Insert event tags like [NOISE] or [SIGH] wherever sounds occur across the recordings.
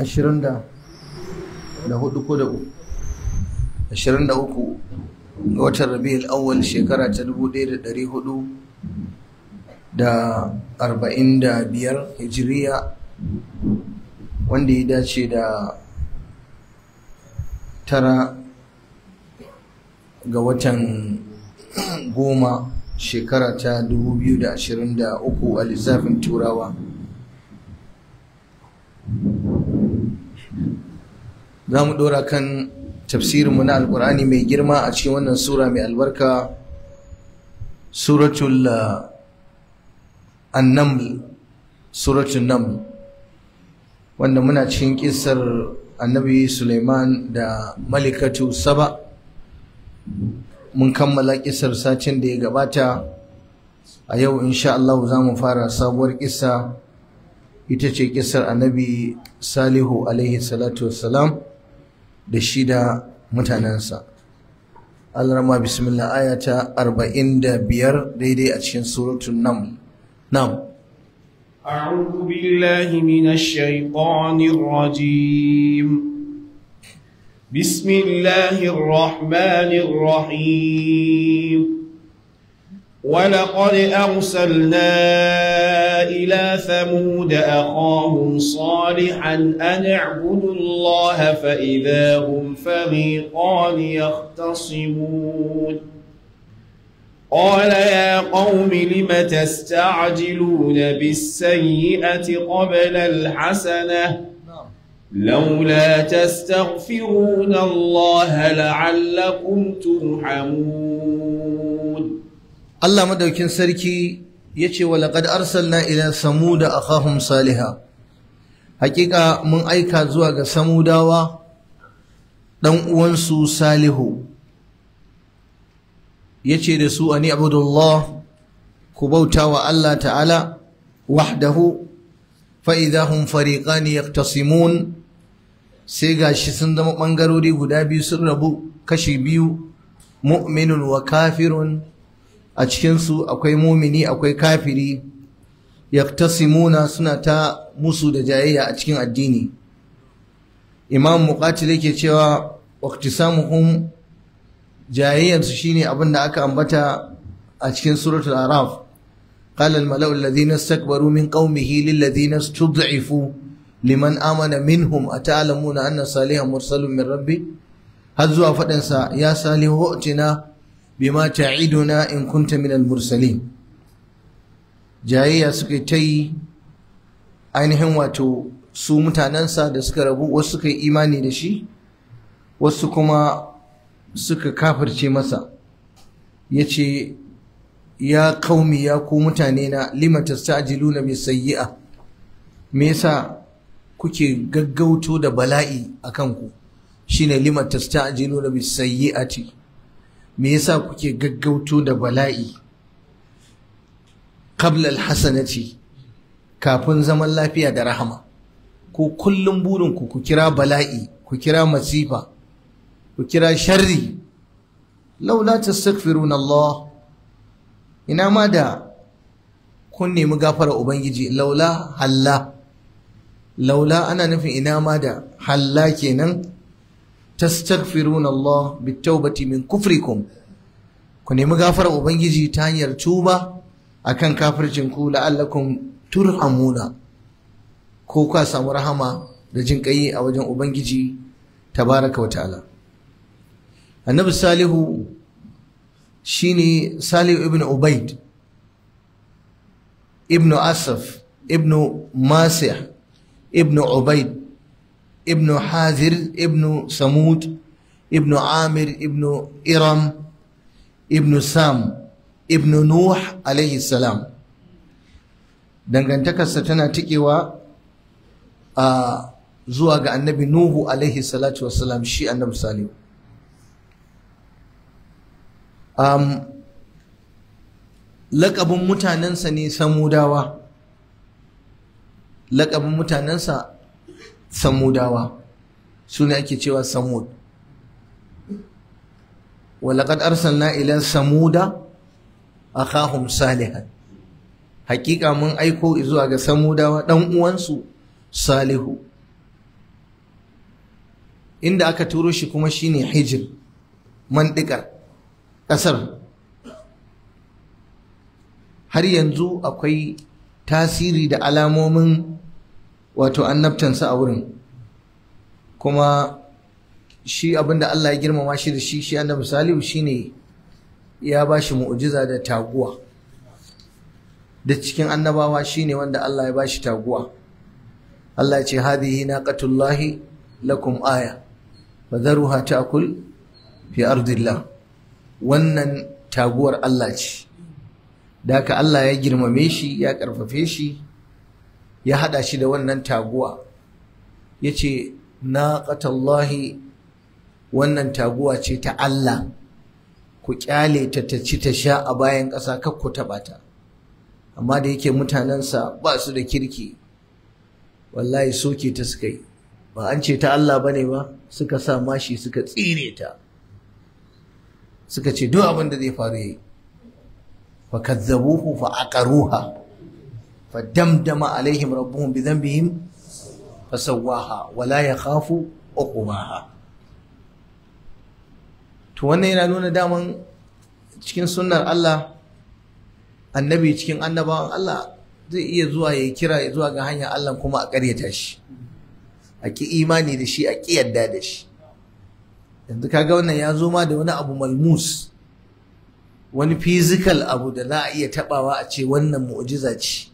ashirin da hudu ko da ashirin da uku ga watan rabi'ul awwal shekara ta dubu ɗaya da ɗari hudu da arba'in da biyar hijiriya wanda ya dace da tara ga watan goma shekara ta 2023 a lissafin turawa za mu ɗora kan tafsirinmu na alkur'ani mai girma a cikin wannan sura mai albarka suratul uh, Nam, wanda muna cikin kisar annabi suleiman da malikatu saba mun kammala kisar sacin da ya gabata a yau insha Allah za mu fara sabuwar kisa ita ce kisar annabi salihu alaihi salatu da shi da mutanensa alarma bismillah ayata arba'in da biyar daidai a cikin suratun nam nam أعوذ بالله من الشيطان الرجيم بسم الله الرحمن الرحيم ولقد أرسلنا إلى ثمود أخاهم صالحا أن اعبدوا الله فإذا هم فريقان يختصمون قال يا قوم لم تستعجلون بالسيئة قبل الحسنة لولا تستغفرون الله لعلكم ترحمون Allah madaukin sarki ya ce wa laqad arsalna ila samuda akahun saliha hakika mun aika zuwa ga samudawa dan uwansu salihu ya ce da su ani abudullah ku bauta wa Allah ta'ala wahdahu fa'idahun idza hum Sai ga sai gashi sun zama ɓangarori guda biyu sun rabu kashi biyu mu'minun wa kafirun a cikinsu akwai mumini akwai kafiri yaktasimuna suna ta musu da jayayya a cikin addini imam muqatil yake cewa waqtisamuhum jayayyarsu shine abin da aka ambata a cikin suratul araf قال الملأ الذين استكبروا من قومه للذين استضعفوا liman amana minhum a ata'lamuna anna salihan mursalun min rabbi har zuwa faɗinsa ya salihu utina bima ta'iduna in kunta al mursalin jayayya suka ta yi ainihin wato su mutanensa da suka rabu wasu suka yi imani da shi wasu kuma suka kafirce masa ya ce ya kaumi ya ku mutane na limata sta'jiluna bi sayyi'a me yasa kuke gaggauto da bala'i a kanku shine limata sta'jiluna bi sayyi'ati me yasa kuke gaggauto da bala'i qabla ce. kafin zaman lafiya da rahama ko kullum burin ku kira bala'i ku kira masifa ku kira sharri laula tastaghfirun Allah ina ma da kun nemi gafara ubangiji laula halla laula ana nufin ina ma da halla kenan tastaghfiruna Allah bitawbati min kufrikum ku nemi gafarar ubangiji ta hanyar tuba akan kafircin ku la'allakum turhamuna ko ka samu rahama da jin kai a wajen ubangiji tabaraka wa ta'ala annabi salihu shine salihu ibn ubaid ibn asaf ibn masih ibn ubaid ibn hazir ibn samud ibn amir ibn iram ibn sam ibn nuh alaihi dangantakarsa tana tikewa zuwa ga annabi nuhu alaihi salatu wassalam shi annabi salihu lakabin mutanensa ne samudawa lakabin mutanensa samudawa su ne ake cewa samud walaƙad arsalna ila samuda kahun salihan hakika mun aiko zuwa ga samudawa ɗan uwansu salihu inda aka turo shi kuma shine hijir mandikar ƙasar har yanzu akwai tasiri da alamomin wato annabtansa a wurin kuma shi abinda Allah ya girmama shi da shi shi annabi salihu shine ya ba shi mu'jiza da taguwa da cikin annabawa shine wanda Allah ya ba shi taguwa Allah ya ce hadihi naqatullahi lakum aya fadharuha ta'kul fi ardillah wannan taguwar Allah ce da haka Allah ya girmame shi ya karfafe shi ya hada shi da wannan taguwa ya ce Na naqatallahi wannan taguwa ce ta Allah ku kyale ta ta ci ta sha a bayan ƙasa kar ku taɓa ta amma da yake mutanensa ba su da kirki wallahi soke ta suka yi ba an ce ta Allah bane ba suka sa mashi suka tsire ta suka ce duk abin da zai faru ya yi fa kazzabuhu fa aqaruha فدمدم عليهم ربهم بذنبهم فسواها ولا يخاف عقباها to wannan yana nuna daman cikin sunnar Allah annabi cikin annabawan Allah zai iya zuwa ya kira ya zuwa ga hanyar Allah kuma a ƙaryata shi a ki imani da shi a ki yadda da shi yanzu kaga wannan ya zo ma da wani abu malmus wani physical abu da za a iya tabawa a ce wannan mu'jiza ce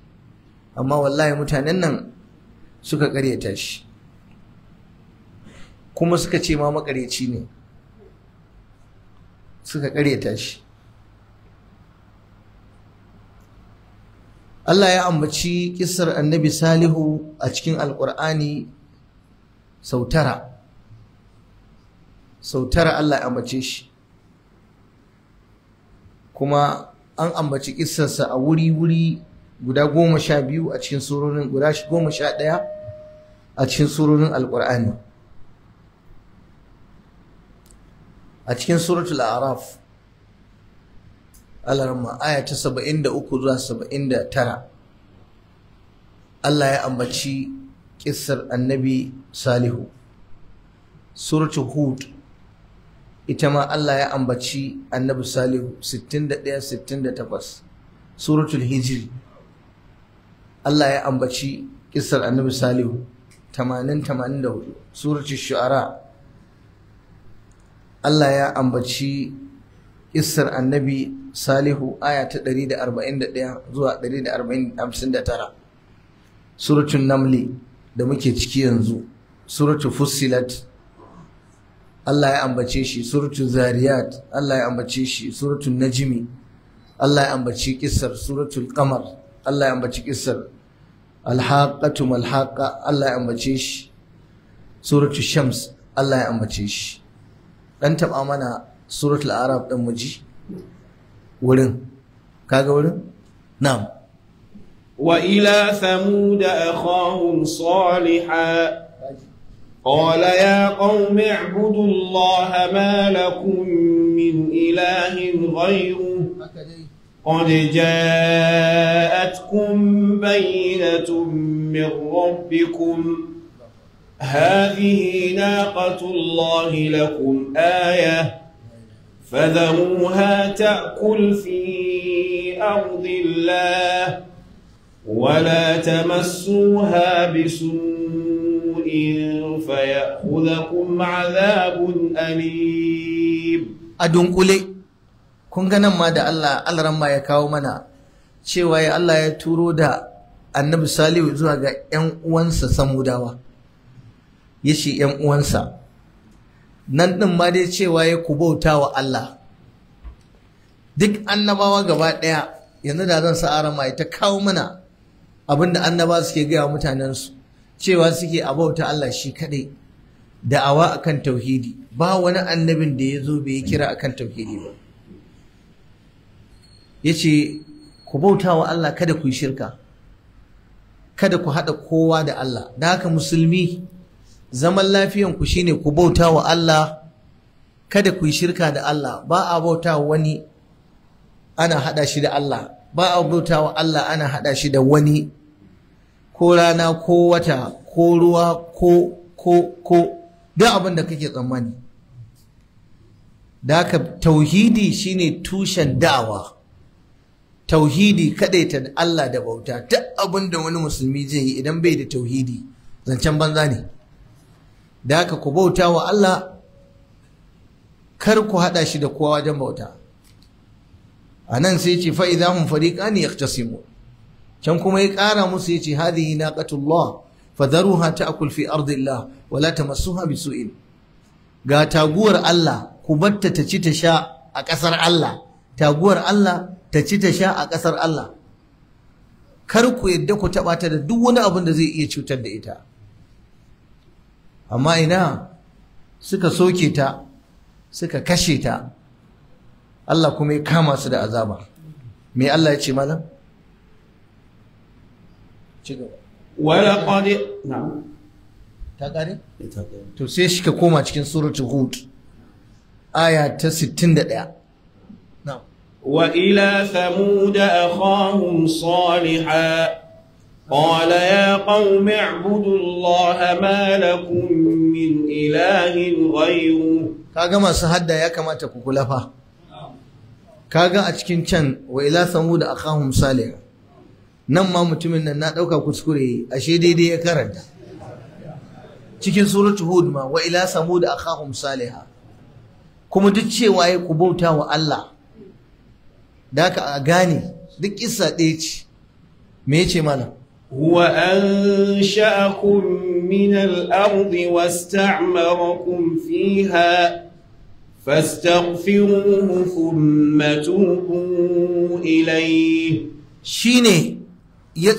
amma wallahi mutanen nan suka karyata shi kuma suka ce ma makareci ne suka karyata shi Allah ya ambaci kisar annabi salihu a cikin alkur'ani sau tara sau tara Allah ya ambace shi kuma an ambaci kisarsa a wuri-wuri guda goma sha biyu a cikin surorin guda goma sha ɗaya a cikin surorin alƙur'ani a cikin suratul araf alarma aya ta saba'in da uku zuwa saba'in da tara Allah ya ambaci kisar annabi salihu suratul hud ita ma Allah ya ambaci annabi salihu 61 68 suratul hijri Allah ya ambaci kissar annabi salihu 80-84 suratul shu'ara Allah ya ambaci kissar annabi salihu aya ta 141 zuwa 159 suratul namli da muke ciki yanzu suratul fussilat Allah ya ambace shi suratul zariyat Allah ya ambace shi suratul najimi Allah ya ambaci kissar suratul qamar Allah ya ambaci kissar alhaqatu malhaqa Allah ya ambace shi suratul shams Allah ya ambace shi dan taba mana suratul arab din muji wurin kaga wurin na'am wa ila thamud akhahum salihah قال يا قوم اعبدوا الله ما لكم من إله غيره قد جاءتكم بينة من ربكم هذه ناقة الله لكم آية فذروها تأكل في أرض الله ولا تمسوها بسوء فيأخذكم عذاب أليم أدنقلي kun ga nan ma da Allah alaran ma ya kawo mana cewa ya Allah ya turo da annabi salihu zuwa ga 'yan uwansa samudawa ya ce 'yan uwansa nan ɗin ma dai cewa ya ku bauta wa Allah duk annabawa gaba ɗaya yanzu da zan sa'ara ma ta kawo mana abinda annaba suke gaya mutanensu cewa suke a bauta Allah shi kaɗai da'awa akan tauhidi ba wani annabin da ya zo bai kira akan tauhidi ba Ya ce ku bauta wa Allah kada ku yi shirka kada ku haɗa kowa da Allah da haka musulmi zaman lafiyan ku shine ku bauta wa Allah kada ku yi shirka da Allah ba a bauta wani ana haɗa shi da Allah ba a bauta wa Allah ana haɗa shi da wani ko rana ko wata ko ruwa ko ko ko duk abin da kake tsammani da haka tauhidi shine tushen da'awa tauhidi ta Allah da bauta duk abin da wani musulmi zai yi idan bai da tauhidi zancen banza ne da haka ku bauta wa Allah kar ku hada shi da kowa wajen bauta a nan sai ce fa idza hum fariqani yaqtasimu can kuma ya kara musu yace hadhihi naqatullah fadharuha ta'kul fi ardillah wa la tamassuha bisu'in ga taguwar Allah ku batta ta ci ta sha a ƙasar Allah taguwar Allah ta ci ta sha a ƙasar Allah kar ku yadda ku taɓa ta da duk wani abin da zai iya cutar da ita amma ina suka soke ta suka kashe ta Allah kuma ya kama su da azaba me Allah ya ce malam ci gaba wala qadi na'am ta kare to sai shi ka koma cikin suratul hud aya ta sittin da ɗaya. وإلى ثمود أخاهم صالحا قال يا قوم اعبدوا الله ما لكم من إله غيره kaga masu hadda ya kamata ku kula fa kaga a cikin can wa ila nan ma mutumin nan na ɗauka kuskure ashe daidai ya karanta cikin suratul hud ma wa ila samud akhahum salih kuma duk cewa ya ku bauta wa Allah Daka a agani. Duk isa ɗaya ce, me ya ce mana? Kuwa an sha'a kurmin al'adu, wasu tacma fi ha, Shi ne ya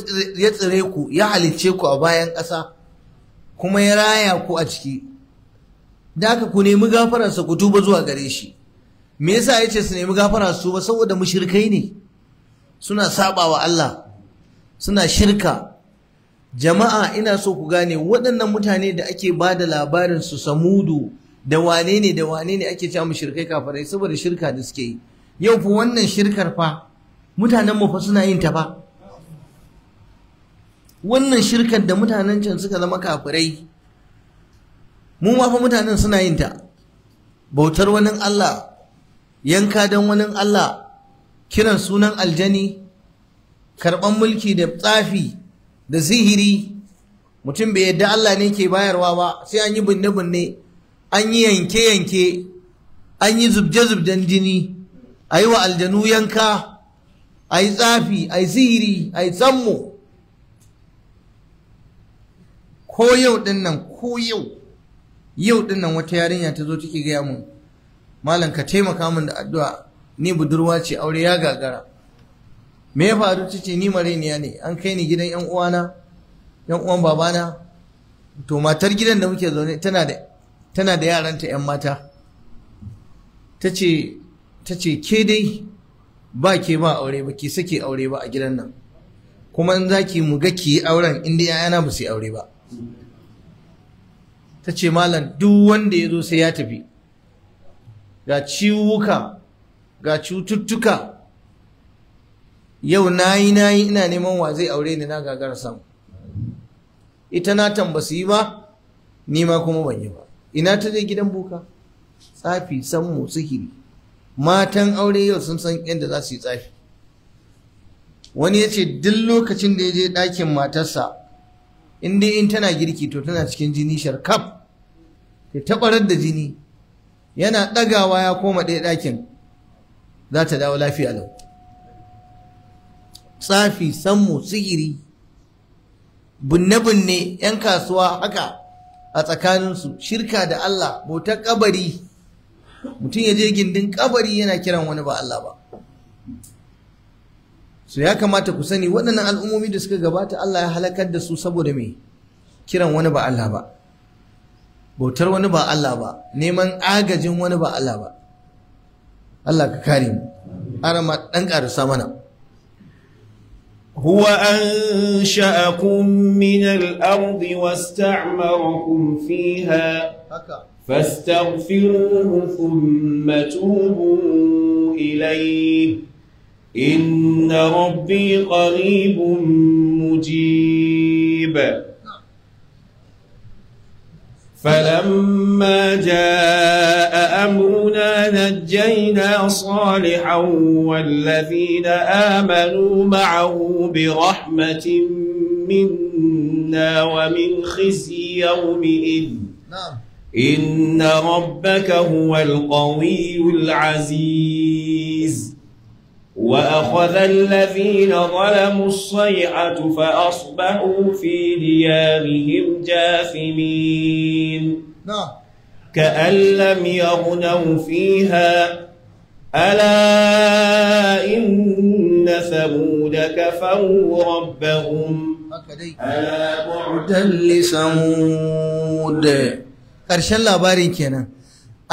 tsare ku ya halicce ku a bayan ƙasa, kuma ya raya ku a ciki. Daka ku nemi gafararsa ku tuba zuwa gare shi. me yasa ce su nemi gafara su ba saboda mushrikai ne suna sabawa Allah suna shirka jama'a ina so ku gane waɗannan mutane da ake ba da labarin su samudu da wane ne da wane ne ake cewa mushrikai kafirai saboda shirka da suke yi yau fa wannan shirkar fa mutanen mu fa suna yin ta fa wannan shirkar da mutanen can suka zama kafirai mu ma fa mutanen suna yin ta bautar wani Allah yanka don wani Allah kiran sunan aljani karɓan mulki da tsafi da zihiri, mutum bai yadda Allah ne ke bayarwa ba sai an yi binne-binne an yi yanke-yanke an yi zubje-zubjen jini a yi wa aljanu yanka a yi tsafi a yi zihiri, a yi tsammo ko yau ɗin ko yau yau ɗin wata yarinya ta zo take gaya mun malam ka taimaka min da addu'a ni budurwa ce aure ya gagara me ya faru ta ce ni mareniya ne an kai ni gidan yan uwana yan uwan babana to matar gidan da muke zaune tana da tana da yaranta yan mata ta ce ke dai ba ke ba aure ba ki sake aure ba a gidan nan kuma in zaki mu ga ki auren inda yayana ba su yi aure ba ta ce malam duk wanda ya zo sai ya tafi ga ciwuka ga cututtuka yau nayi nayi ina neman wa zai aure ni na gagara sam ita na tambasu ba ni ma kuma ban yi ba ina ta je gidan buka tsafi san sammu sihiri matan aure yau sun san yadda za su yi tsafi wani ya ce duk lokacin da ya je ɗakin matarsa in dai in tana girki to tana cikin jini sharkaf ta tabarar da jini yana ɗagawa ya koma ɗaya ɗakin za ta dawo lafiya lau tsafi sammu sihiri binne-binne 'yan kasuwa haka a tsakaninsu shirka da Allah bautar kabari mutum ya je gindin kabari yana kiran wani ba Allah ba Su ya kamata ku sani waɗannan al'ummomi da suka gabata Allah ya halakar da su saboda mai kiran wani ba Allah ba bautar wani ba Allah ba neman agajin wani ba Allah ba Allah ka kare mu arama dan karisa mana هو أنشأكم من الأرض واستعمركم فيها فاستغفروه ثم توبوا إليه إن ربي قريب مجيب فلما جاء أمرنا نجينا صالحا والذين آمنوا معه برحمة منا ومن خزي يومئذ نعم. إن ربك هو القوي العزيز وأخذ الذين ظلموا الصيحة فأصبحوا في ديارهم جاثمين نعم. كأن لم يغنوا فيها ألا إن ثمود كفروا ربهم ألا بعدا لثمود أرشل الله بارك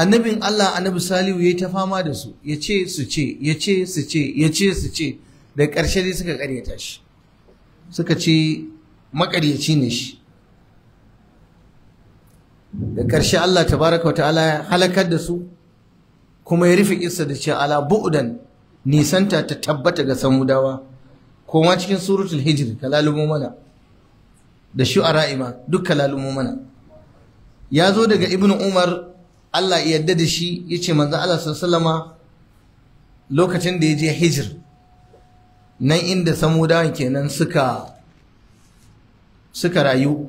annabin Allah annabi Salihu yi ta fama da su ya ce su ce ya ce su ce ya ce su ce da ƙarshe dai suka ƙaryata shi suka ce maƙaryaci ne shi da ƙarshe Allah ta wata ala ya halakar da su kuma ya rufe isa da ce ala bu'udan nisanta ta tabbata ga samudawa koma cikin suratul hijr kalalumo mana da shu'ara ima duk kalalumo mana ya zo daga ibnu umar Allah ya yarda da shi ya yace manzo Allah sallallahu lokacin da ya je hijir nan inda samudawan kenan suka suka rayu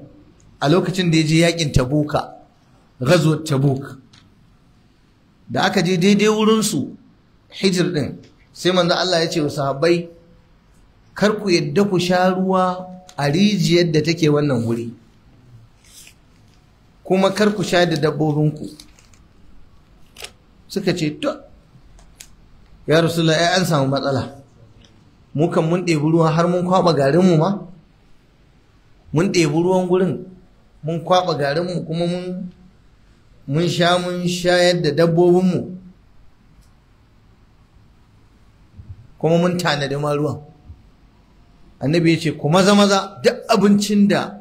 a lokacin da ya je yakin tabuka ghazwat tabuk da aka je daidai wurinsu hijir din sai manzo Allah ya ce wa sahabbai kar ku yadda ku sha ruwa a rijiyar da take wannan wuri kuma kar ku sha da dabbobinku suka ce to ya rasulullah ai an samu matsala mu kan mun ɗebi ruwa har mun kwaɓa garin mu ma mun ɗebi ruwan gurin mun kwaɓa garin mu kuma mun mun sha mun shayar da dabbobin mu kuma mun tanadi ma ruwan annabi ya ce ku maza maza duk abincin da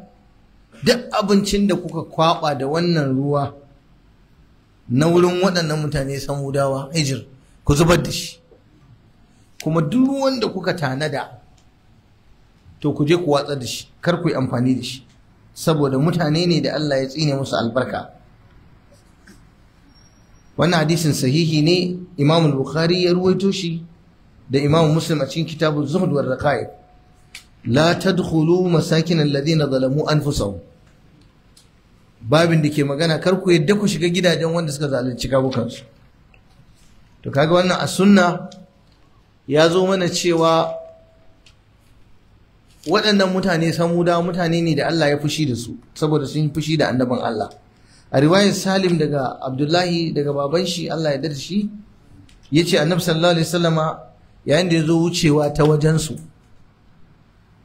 duk abincin da kuka kwaba da wannan ruwa na wurin waɗannan mutane samudawa hijir ku zubar da shi kuma duk wanda kuka tanada to ku je ku watsa da shi kar ku yi amfani da shi saboda mutane ne da Allah ya tsine musu albarka wannan hadisin sahihi ne Imam Bukhari ya ruwaito shi da Imam Muslim a cikin kitabun Zuhd war Raqaib la tadkhulu masakin alladhina zalamu anfusahum babin da ke magana kar ku yadda ku shiga gidajen wanda suka zalunci kabukansu to kaga wannan a sunna ya zo mana cewa waɗannan mutane samuda mutane ne da Allah ya fushi da su saboda sun fushi da annaban Allah a riwayar salim daga abdullahi daga baban shi Allah ya darshi shi ya ce annabi sallallahu alaihi wasallama yayin da ya zo wucewa ta wajensu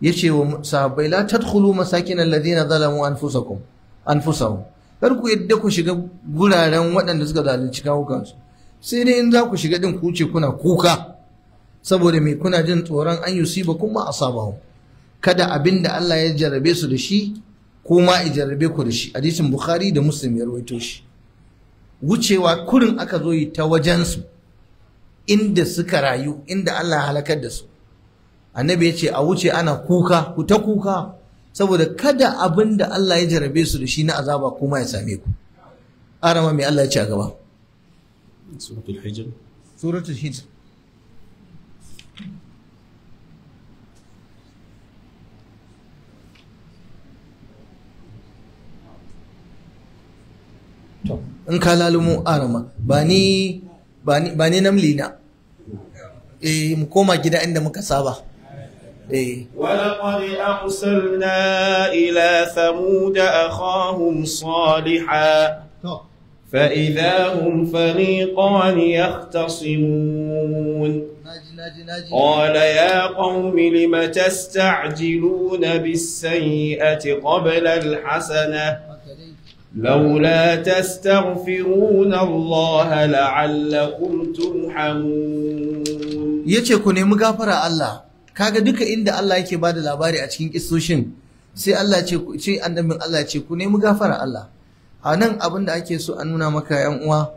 ya ce wa sahabbai la tadkhulu masakin alladhina zalamu anfusakum anfusahum kar ku yadda ku shiga guraren waɗanda suka zalunci kawukansu sai dai in za ku shiga ɗin ku ce kuna kuka saboda mai kuna jin tsoron an yi ba kuma a sabawa. kada abin da Allah ya jarrabe su da shi ko ma ya jarrabe ku da shi hadisin bukhari da muslim ya rawaito shi wucewa kurin aka zo yi ta wajensu inda suka rayu inda Allah ya halakar da su annabi ya ce a wuce ana kuka ku ta kuka saboda kada abin da Allah ya jarabe su da shi na azaba kuma ya same ku arama mai Allah ya ci a gaba suratul hijr suratul hijr in ka lalumo arama ba ni ba ni namli na eh mu koma gida inda muka saba إيه. ولقد أرسلنا إلى ثمود أخاهم صالحا فإذا هم فريقان يختصمون قال يا قوم لم تستعجلون بالسيئة قبل الحسنة لولا تستغفرون الله لعلكم ترحمون يجي كوني مغفر الله kaga duka inda Allah yake bada labari a cikin kissoshin sai Allah ce ce annabin Allah ce ku nemi gafara Allah a nan abin da ake so a nuna maka yan uwa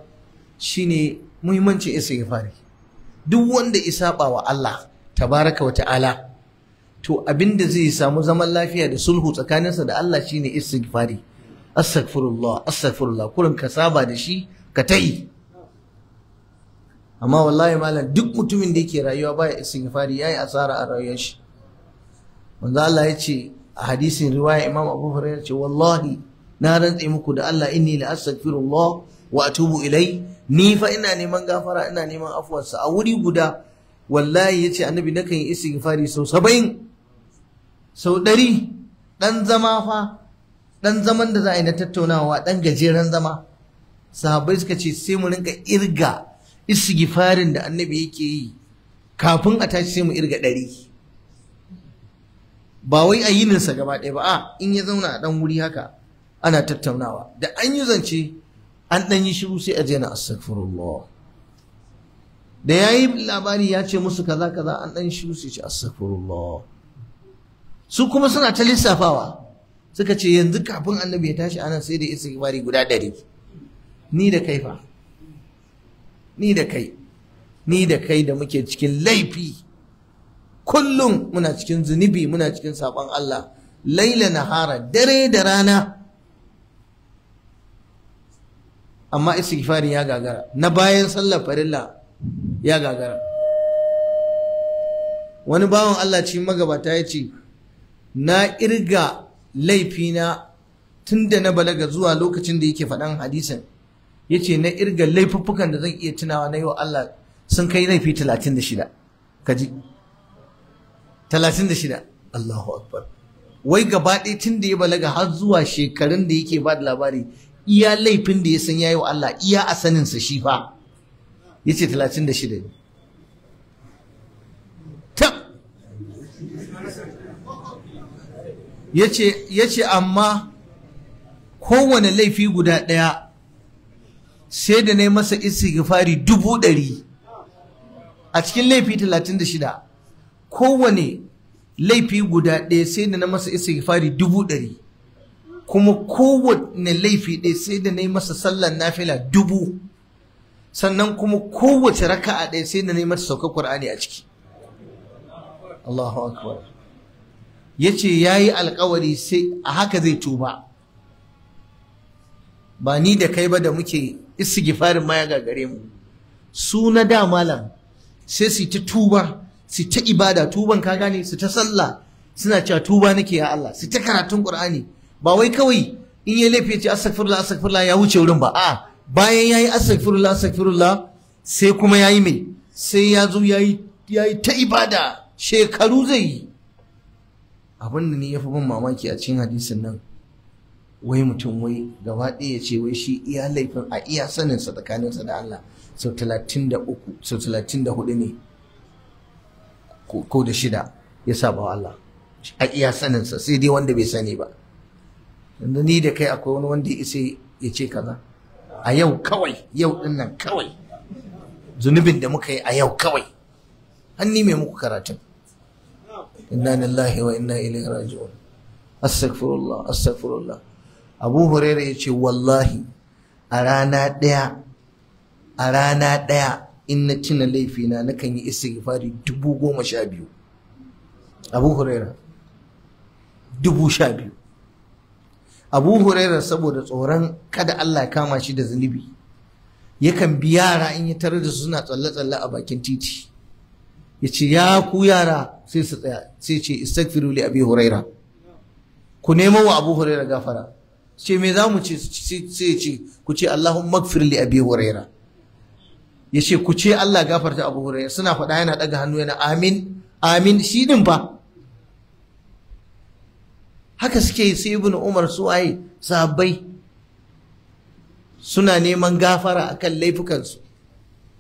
shine muhimmancin istighfari duk wanda isaba wa Allah tabaraka wa ta'ala to abinda zai samu zaman lafiya da sulhu tsakaninsa da Allah shine istighfari astaghfirullah astaghfirullah kullun ka saba da shi ka ta'i amma wallahi malam duk mutumin da yake rayuwa baya istighfari yayi asara a rayuwar shi manzo Allah ya ce a hadisin riwaya Imam Abu Hurairah ce wallahi na rantse muku da Allah inni la astaghfirullah wa atubu ilai ni fa ina neman gafara ina neman afuwarsa a wuri guda wallahi yace annabi nakan yi istighfari sau saba'in sau ɗari ɗan zama fa ɗan zaman da za a yi na tattaunawa ɗan gajeren zama Sahabai suka ce sai mu rinka irga istighfarin da annabi yake yi kafin a tashi sai mu irga ɗari ba wai a yininsa gaba ɗaya ba a in ya zauna a ɗan wuri haka ana tattaunawa da an yi zance an ɗan yi shiru sai a je na astaghfirullah da ya yi labari ya ce musu kaza kaza an ɗan shiru sai ce astaghfirullah su kuma suna ta lissafawa suka ce yanzu kafin annabi ya tashi ana sai da istighfari guda ɗari ni da kaifa ni da kai ni da kai da muke cikin laifi kullum muna cikin zunubi muna cikin saƙon Allah laila nahara dare da rana amma istighfari ya gagara na bayan sallar farilla ya gagara wani bawan Allah ci magabata ya ce na irga laifina tun da na balaga zuwa lokacin da yake faɗan hadisin Ya ce na irga laifuffukan da zan iya tunawa na yi wa Allah sun kai laifi talatin da talatin kaji shida. Allahu akbar wai gaba ɗaya tun da ya balaga har zuwa shekarun da yake ba da labari iya laifin da ya san yayi wa Allah iya a saninsa shi fa Ya ce talatin da shida ne Ya ce amma kowane laifi guda ɗaya sai da ne masa istighfari dubu ɗari a cikin laifi talatin da shida kowane laifi guda ɗaya sai da na masa istighfari dubu ɗari kuma kowane laifi ɗaya sai da na masa sallar nafila dubu sannan kuma kowace raka'a ɗaya sai da na masa saukar Kur'ani a ciki Allahu akbar yace yayi alkawari sai a haka zai tuba ba ni da kai ba da muke gifarin ma ya gagare mu su na da malam sai su ta tuba su ta ibada tuban ka gane su ta sallah suna cewa tuba nake ya Allah su ta karatun Qur'ani ba wai kawai in ya laifi ce astaghfirullah astaghfirullah ya wuce wurin ba a bayan yayi astaghfirullah astaghfirullah sai kuma yayi mai sai ya zo yayi yayi ta ibada shekaru zai yi abin da ne ya fi bin mamaki a cikin hadisin nan wai mutum wai gaba ɗaya ya ce wai shi iya laifin a iya saninsa tsakaninsa da Allah sau talatin da uku sau talatin da hudu ne ko da shida ya saba wa Allah a iya saninsa sai dai wanda bai sani ba yanzu ni da kai akwai wani wanda ya isa ya ce kaza a yau kawai yau din nan kawai zunubin da muka yi a yau kawai an ni mai muku karatun inna lillahi wa inna ilaihi raji'un astaghfirullah astaghfirullah abu huraira ya ce wallahi a rana ɗaya a rana ɗaya in na tuna laifina kan yi istighfari dubu goma sha biyu abu huraira dubu sha biyu abu huraira saboda tsoron kada allah ya kama shi da zunubi yakan bi yara in ya tare da su suna tsalle-tsalle a bakin titi ya ce ya ku yara sai su tsaya sai ce istaghfiru li abi huraira ku nemo wa abu huraira gafara ce me za mu ce sai ce ku ce Allahun magfir li abi huraira ya ce ku ce Allah gafarta abu huraira suna faɗa yana ɗaga hannu yana amin amin shi din fa haka suke yi sai ibnu umar su waye sahabbai suna neman gafara akan laifukansu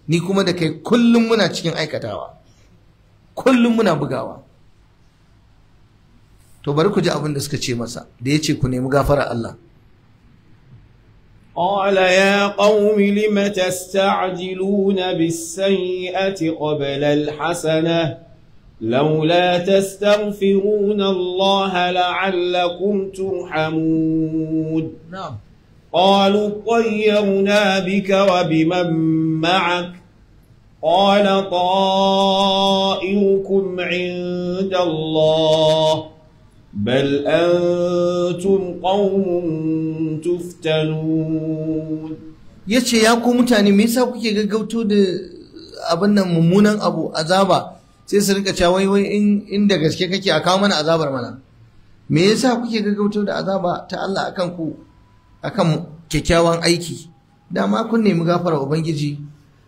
ni kuma da kai kullum muna cikin aikatawa kullum muna bugawa to bari ku ji abin da suka ce masa da ya ce ku nemi gafara Allah قال يا قوم لم تستعجلون بالسيئة قبل الحسنة لولا تستغفرون الله لعلكم ترحمون نعم قالوا طيرنا بك وبمن معك قال طائركم عند الله بل أنتم قوم تفتنون yace ya ku mutane me yasa kuke gaggauto da abin nan mummunan abu azaba sai su rika cewa wai wai in da gaske kake a kawo mana azabar mana me yasa kuke gaggauto da azaba ta Allah akan ku akan kyakkyawan aiki dama kun nemi gafara ubangiji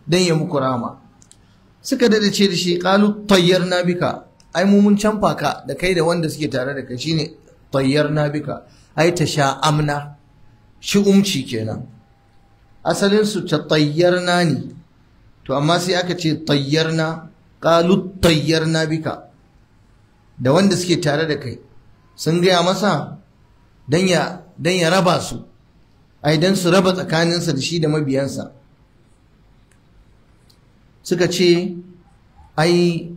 dan ya muku rama suka dade ce da shi qalu tayyarna bika ai mu mun canfa ka da kai da wanda suke tare da kai shine na, bika ai ta sha amna shi umci kenan asalin su ta na ne to amma sai aka ce na qalu na, bika da wanda suke tare da kai sun gaya masa dan ya dan ya raba su ai dan su raba tsakaninsa da shi da mabiyansa suka ce ai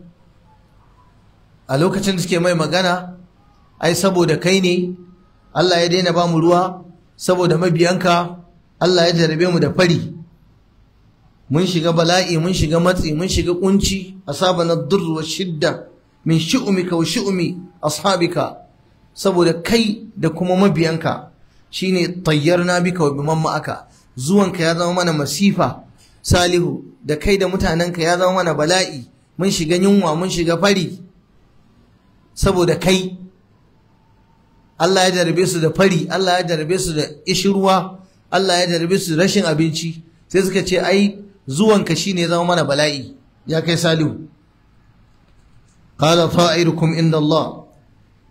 a lokacin da suke mai magana ai saboda kai ne Allah ya daina ba mu ruwa saboda mabiyanka Allah ya jarabe mu da fari mun shiga bala'i mun shiga matsi mun shiga kunci asaba na durwa shidda min shi'umika wa shi'umi ashabika saboda kai da kuma mabiyanka shine tayyarna bika wa biman ma'aka zuwanka ya zama mana masifa salihu da kai da mutanenka ya zama mana bala'i mun shiga yunwa mun shiga fari saboda kai Allah ya jarabe su da fari Allah ya jarabe su da ishirwa Allah ya jarabe su da rashin abinci sai suka ce ai zuwanka shine zama mana bala'i ya kai salihu qala fa'irukum inda Allah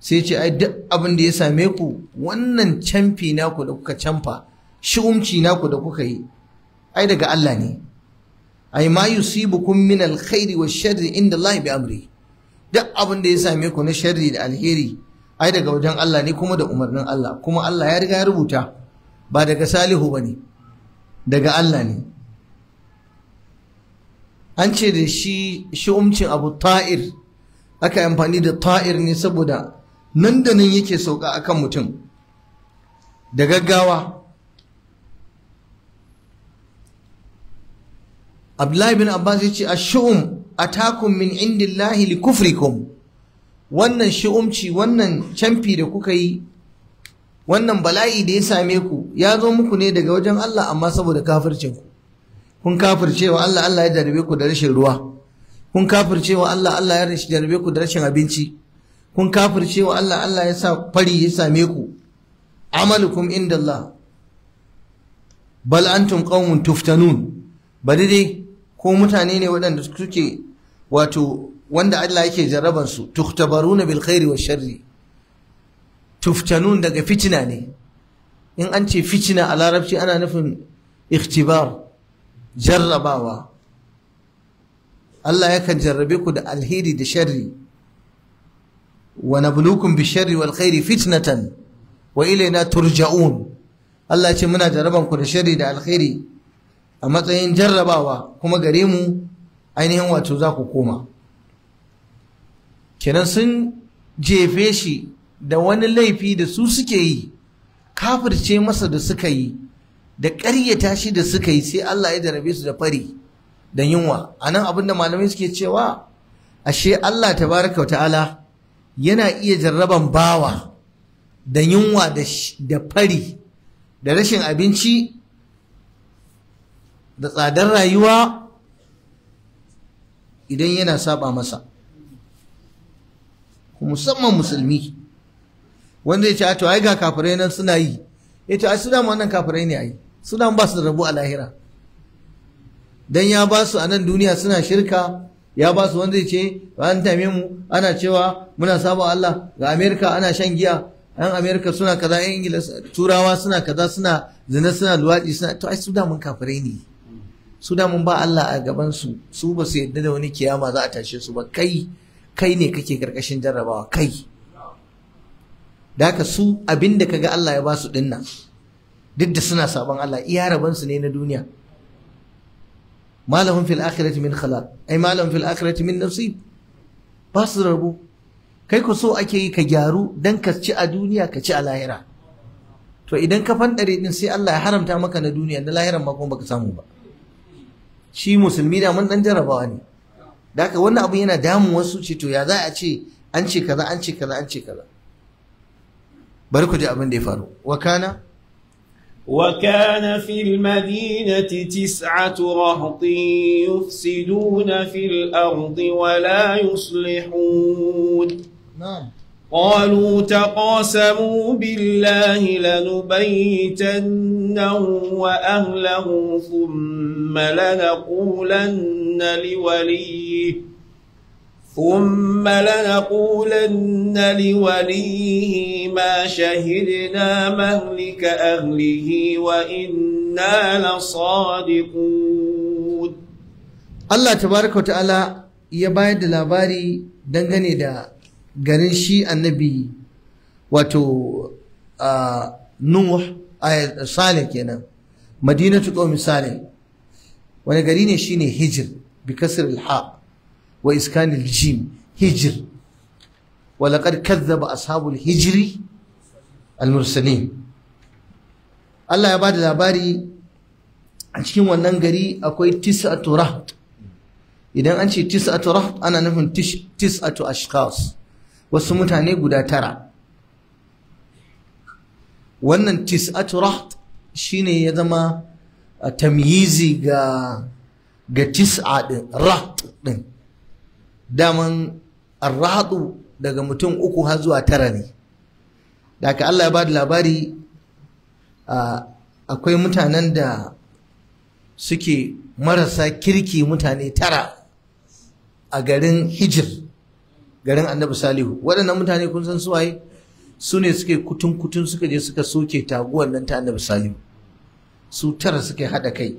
sai ce ai duk abin da ya same ku wannan camfi naku da kuka camfa shi'umci naku da kuka yi ai daga Allah ne ai ma yusibukum min alkhairi wash sharri inda Allah bi amri duk abin da ya same ku na sharri da alheri ai daga wajen Allah ne kuma da umarnin Allah kuma Allah ya riga ya rubuta ba daga salihu ba ne daga Allah ne an ce da shi umcin abu ta'ir aka amfani da ta'ir ne saboda nan da nan yake sauka akan mutum da gaggawa abdullahi bin abbas ya ce a shi'um atakum min indillahi li kufrikum wannan shi'umci wannan camfi da kuka yi wannan bala'i da ya same ku ya zo muku ne daga wajen Allah amma saboda kafircin ku kun wa Allah Allah ya jarabe ku da rashin ruwa kun wa Allah Allah ya jarabe ku da rashin abinci kun wa Allah Allah ya sa fari ya same ku amalukum inda Allah bal antum qaumun tuftanun bari dai ko mutane ne waɗanda suke wato wanda Allah yake jarraban su tuhtabaruna bil khairi wa sharri tuftanun daga fitina ne in an ce fitina a larabci ana nufin ikhtibar jarrabawa Allah yakan jarrabe ku da alheri da sharri wa nabluukum bi sharri wal khairi fitnatan wa ilayna turja'un Allah ce muna jarraban ku da sharri da alkhairi a matsayin jarrabawa kuma gare mu ainihin wato za ku koma kenan sun jefe shi da wani laifi da su suke yi kafirce masa da suka yi da ƙaryata shi da suka yi sai Allah ya jarabe su da fari da yunwa anan abin da malamai suke cewa ashe Allah tabaraka ta'ala yana iya jarraban bawa da yunwa da fari da rashin abinci da tsadar rayuwa idan yana saba masa musamman musulmi wanda ya ce a to ai ga kafirai nan suna yi ya ce ai su dama wannan kafirai ne ai su dama ba su da rabu a lahira dan ya ba su a nan duniya suna shirka ya ba su wanda ya ce an tame mu ana cewa muna saba Allah ga Amerika ana shan giya ɗan Amerika suna kaza yan Ingila turawa suna kaza suna zina suna luwaɗi suna to ai su da mun kafirai ne su da mun ba Allah a gabansu su basu ba su yadda da wani kiyama za a tashe su ba kai kai ne kake karkashin jarrabawa kai da haka su abin da kaga Allah ya ba su dinnan duk da suna sabon Allah iya raban su ne na duniya malahum fil akhirati min khalaq ai malahum fil akhirati min nasib ba su rabo kai ku so ake yi ka gyaru dan ka ci a duniya ka ci a lahira to idan ka fandare din sai Allah ya haramta maka na duniya na lahiran ma kuma baka samu ba shi musulmi da mun dan jarabawa ne da haka wannan abu yana damun wasu ce to ya za a ce an ce kaza an ce kaza an ce kaza bari ku ji abin da ya faru wa kana وكان في المدينة تسعة رهط يفسدون في الأرض ولا يصلحون نعم قالوا تقاسموا بالله لنبيتنه وأهله ثم لنقولن لوليه ثم لنقولن لوليه ما شهدنا مهلك أهله وإنا لصادقون الله تبارك وتعالى يبايد لاباري دنغني دا garin shi annabi wato nuh salih kenan madinatu qaumi salih wani gari ne shine hijir bi kasr al ha wa iskan al jim hijir wa laqad kazzaba ashabul hijiri al mursalin Allah ya bada labari a cikin wannan gari akwai tis'atu rahd idan an ce tis'atu rahd ana nufin tis'atu ashkhas wasu mutane guda tara wannan tis'atu raht shine ya zama tamyizi ga ga tis'a din raht din daman arrahdu daga mutum uku har zuwa tara ne daga Allah ya ba da labari akwai mutanen da suke marasa kirki mutane tara a garin hijir garin annabi salihu waɗannan mutane kun san su waye su ne suke kutun kutun suka je suka soke taguwar nan ta annabi salihu su tara suke haɗa kai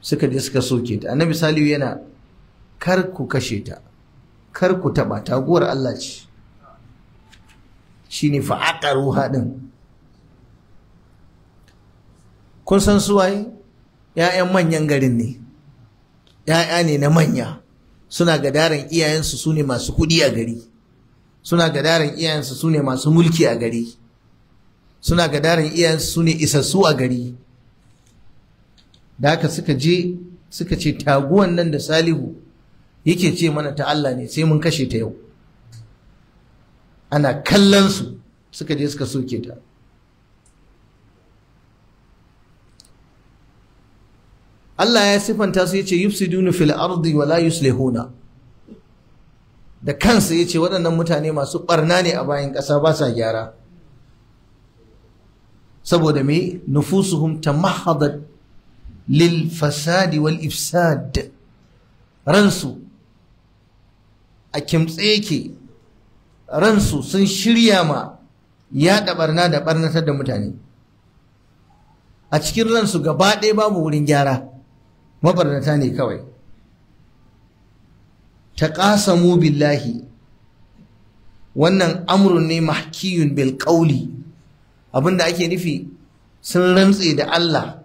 suka je suka soke ta annabi salihu yana kar ku kashe ta kar ku taɓa taguwar allah ce shine fa'aqaru haɗin kun san su waye 'ya'yan manyan garin ne 'ya'ya ne na manya suna gadaran iyayensu su ne masu kuɗi a gari suna gadaran iyayensu su ne masu mulki a gari suna gadaran iyayensu su ne isassu a gari da haka suka je suka ce taguwan nan da salihu yake ce mana ta Allah ne sai mun kashe ta yau ana kallon su suka je suka soke ta Allah ya sifanta su yace yufsiduna fil ardi wa la yuslihuna da kansa yace waɗannan mutane masu barna ne a bayan ƙasa ba sa gyara saboda me nufusuhum tamahadat lil fasadi wal ifsad ransu a kimtse yake ransu sun shirya ma yaɗa barna da barnatar da mutane a cikin ransu gaba ɗaya babu wurin gyara mabarnata ne kawai ta ƙasamu billahi wannan amrun ne mahkiyun bil ƙauli abinda ake nufi sun rantse da Allah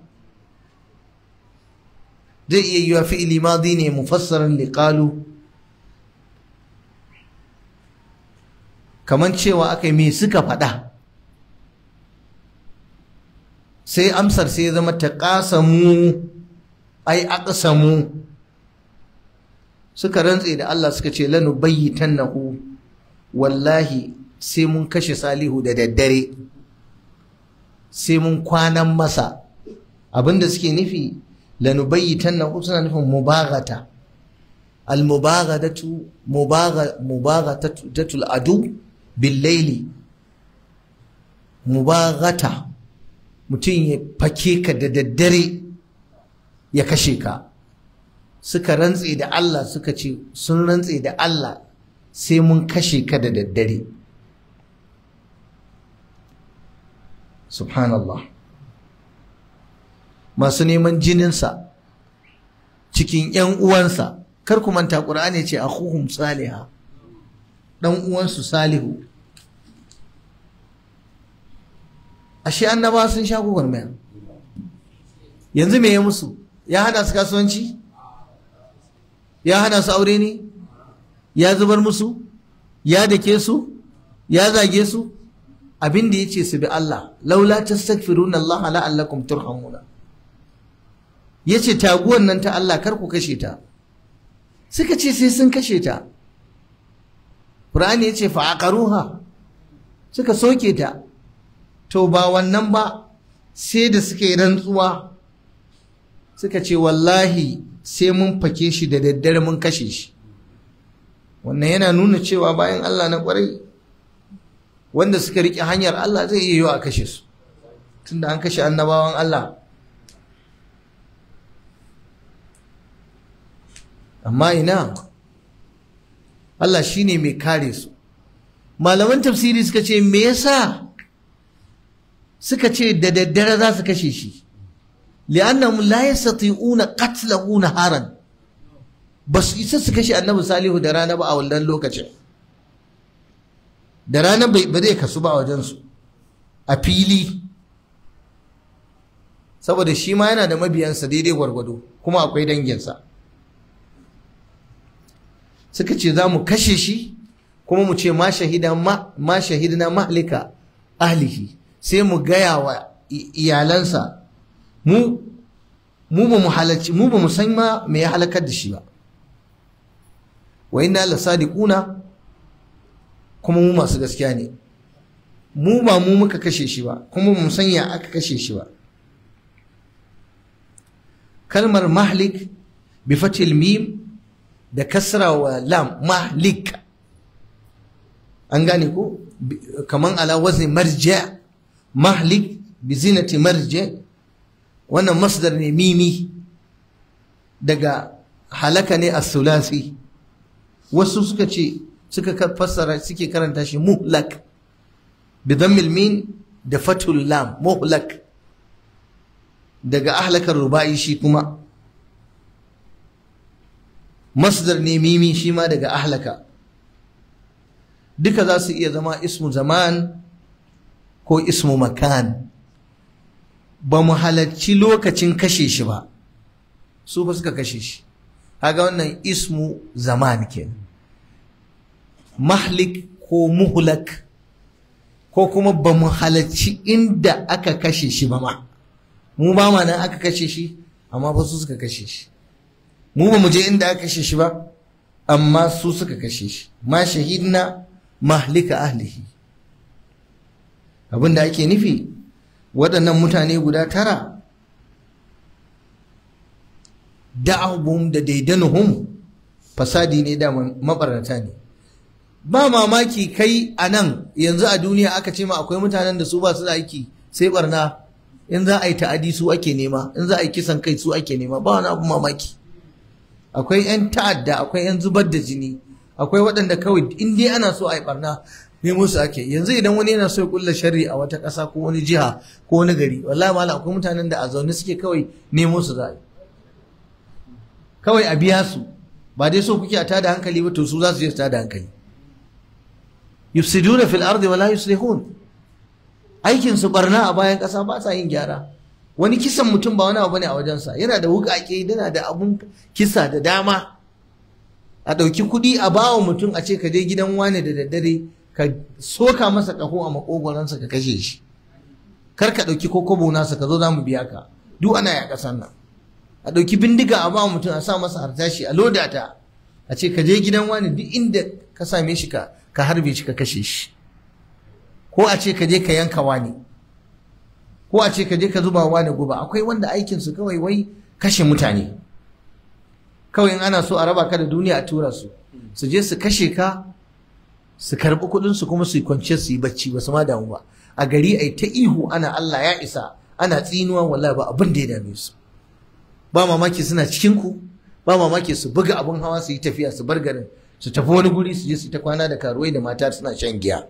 zai iya yiwa fi'ili madi ne mufassaran liqalu Kamar cewa aka me suka faɗa sai amsar sai ya zama ta ƙasamu ai aqsamu suka rantse da Allah suka ce lanu bayyitannahu wallahi sai mun kashe salihu da daddare sai mun kwanan masa abinda suke nufi lanu bayyitannahu suna nufin mubagata al mubaghadatu mubaghatatu adu bil layli mutum ya fake ka da daddare ya kashe ka suka rantse da Allah suka ce sun rantse da Allah sai mun kashe ka da daddare subhanallah masu neman jininsa cikin 'yan uwansa kar ku manta ƙur'ani ce a saliha ɗan uwansu salihu ashe annaba sun sha gwagwarmaya yanzu me ya musu ya hana su kasuwanci ya hana su aure ne ya zubar musu ya dake su ya zage su abin da ya ce su bi Allah laula ta tastaghfiruna Allah la'allakum turhamuna ce taguwan nan ta Allah kar ku kashe ta suka ce sai sun kashe ta Qur'ani yace fa aqaruha suka soke ta to ba wannan ba sai da suka yi rantsuwa suka ce wallahi sai mun fake shi da daddare mun kashe shi wannan yana nuna cewa bayan Allah na kwarai wanda suka riƙe hanyar Allah zai iya yiwa a kashe su tunda an kashe annabawan Allah amma ina Allah shine mai kare su malaman tafsiri suka ce me yasa suka ce da daddare za su kashe shi li'annahum la yastati'una qatlahu haran. ba su isa su kashe annabi salihu da rana ba a wannan lokacin da rana ba zai kasu a wajensu a fili saboda shi ma yana da mabiyansa daidai gwargwado kuma akwai danginsa suka ce za mu kashe shi kuma mu ce ma shahidna mahlika ahlihi sai mu gaya wa iyalansa mu ba mu halarci mu ba mu san ma me ya halakar da shi ba wa inna la sadiquna kuma mu masu gaskiya ne mu ba mu muka kashe shi ba kuma mu san ya aka kashe shi ba kalmar mahlik bi fatil mim da kasra wa lam mahlik an gane ko kaman ala wazni marja mahlik bi zinati marja wannan masdar ne mimi daga halaka ne a sulasi wasu suka ce suka fassara suke karanta shi muhlak bidammil min da fatul lam muhlak daga ahlakar ruba'i shi kuma masdar ne mimi shi ma daga ahlaka duka za su iya zama ismu zaman ko ismu makan ba mu halarci lokacin kashe shi ba su ba suka kashe shi kaga wannan ismu zaman ke. mahlik ko muhlak ko kuma ba mu halarci inda aka kashe shi ba ma mu ba ma nan aka kashe shi amma ba su suka kashe shi mu ba mu je inda aka kashe shi ba amma su suka kashe shi ma shahidna mahlika ahlihi Abinda ake nufi waɗannan mutane guda tara da abun da daidanuhum fasadi ne da mabarata ne ba mamaki kai a nan yanzu a duniya aka ce ma akwai mutanen da su ba su aiki sai barna in za a yi ta'adi su ake nema in za a yi kisan kai su ake nema ba wani abu mamaki akwai 'yan ta'adda akwai 'yan zubar da jini akwai waɗanda kawai in dai ana so a yi barna ne musu ake yanzu idan wani yana so ya kulla sharri a wata ƙasa ko wani jiha ko wani gari wallahi mala akwai mutanen da a zaune suke kawai ne su za kawai a biya su ba dai so kuke a tada hankali ba to su za su je su tada hankali yufsiduna fil ardi wala yuslihun aikin su barna a bayan ƙasa ba sa yin gyara wani kisan mutum ba wani abu ne a sa. yana da wuƙaƙe yana da abun kisa da dama a ɗauki kuɗi a bawa mutum a ce ka je gidan wane da daddare ka soka masa ƙaho a maƙogwaransa ka kashe shi kar ka ɗauki ko kobo nasa ka zo za mu biya ka duk ana ya ƙasar nan a ɗauki bindiga a ba mutum a sa masa hartashi a lodata, a ce ka je gidan wani duk inda ka same shi ka harbe shi ka kashe shi ko a ce ka je ka yanka wani ko a ce ka je ka zuba wani guba akwai wanda aikin su kawai wai kashe mutane kawai in ana so a raba ka da duniya a tura su su je su kashe ka su karɓi kuɗin su kuma su yi kwance su yi bacci ba su ma damu ba a gari ai ta ihu ana Allah ya isa ana tsinuwa wallahi ba abin da ya dame su ba mamaki suna cikin ku ba mamaki su buga abin hawa su yi tafiya su bar garin su tafi wani guri su je su ta kwana da karuwai da mata suna shan giya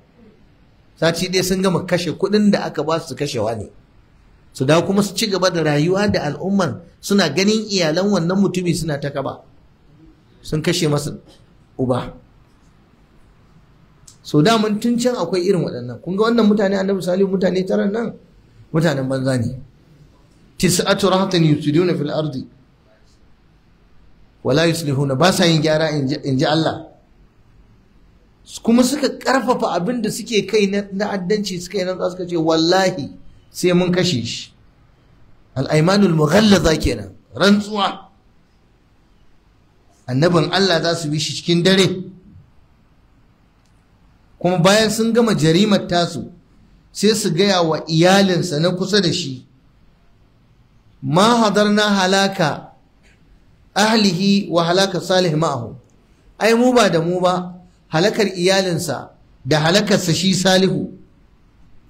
sati ɗaya sun gama kashe kuɗin da aka ba su kashewa ne su dawo kuma su ci gaba da rayuwa da al'umman suna ganin iyalan wannan mutumi suna ta kaba sun kashe masa uba so daman tun can akwai irin waɗannan kun ga wannan mutane annabi salihu mutane tara nan mutanen banza ne tis'atu rahatan yusiduna fil ardi wala yuslihuna ba sa yin gyara in ji Allah kuma suka karfafa abin da suke kai na addanci suka yi nan suka ce wallahi sai mun kashe shi al'aimanul mughallaza kenan rantsuwa annabin Allah za su bi shi cikin dare kuma bayan sun gama jarimar tasu sai su gaya wa iyalinsa na kusa da shi ma hadarna halaka ahlihi wa halaka salih ma'ahu ai mu ba da mu ba halakar iyalinsa da halakarsa shi salihu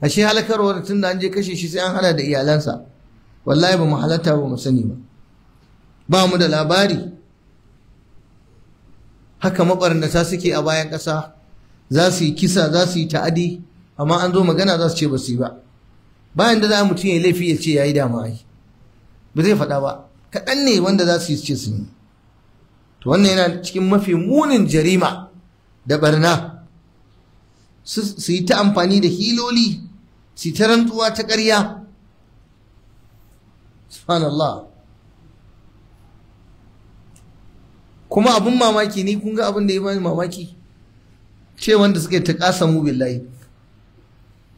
ashe halakarwar tun da an je kashe shi sai an hada da iyalansa wallahi ba mu halatta ba mu sani ba ba mu da labari haka mabarnata suke a bayan ƙasa za su yi kisa za su yi ta'adi amma an zo magana za su ce ba su yi ba bayan da za mutum ya laifi ya ce ya yi dama yi ba zai faɗa ba kaɗan ne wanda za su yi ce su yi to wannan yana cikin mafi munin jarima da barna su yi ta amfani da hiloli su ta rantsuwa ta ƙarya subhanallah kuma abin mamaki ni kun ga abin da ya bani mamaki ce wanda suke ta kasa mu, billahi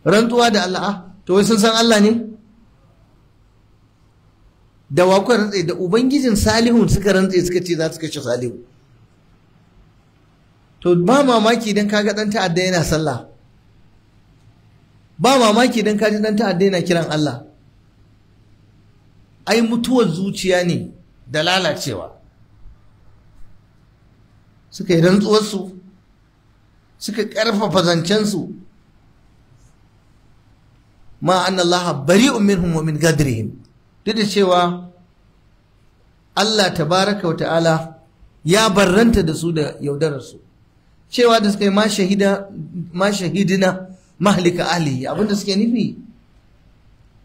rantsuwa da Allah ah, to wai sun san Allah ne da wakuwa rantsa da ubangijin salihun suka rantsa suka ce za su kashe salihu to ba mamaki don kaga dan ta'adda yana sallah ba mamaki don kaji dan ta'adda yana kiran Allah ai mutuwar zuciya ne da lalacewa suka yi rantsuwarsu suka ƙarfafa zancensu ma anna Allah bari'un minhum min gadrihim duk da cewa Allah tabaraka wa ta'ala ya barranta da su da yaudararsu cewa da suka yi ma shahida ma shahidina mahlika ahlihi abinda suke nufi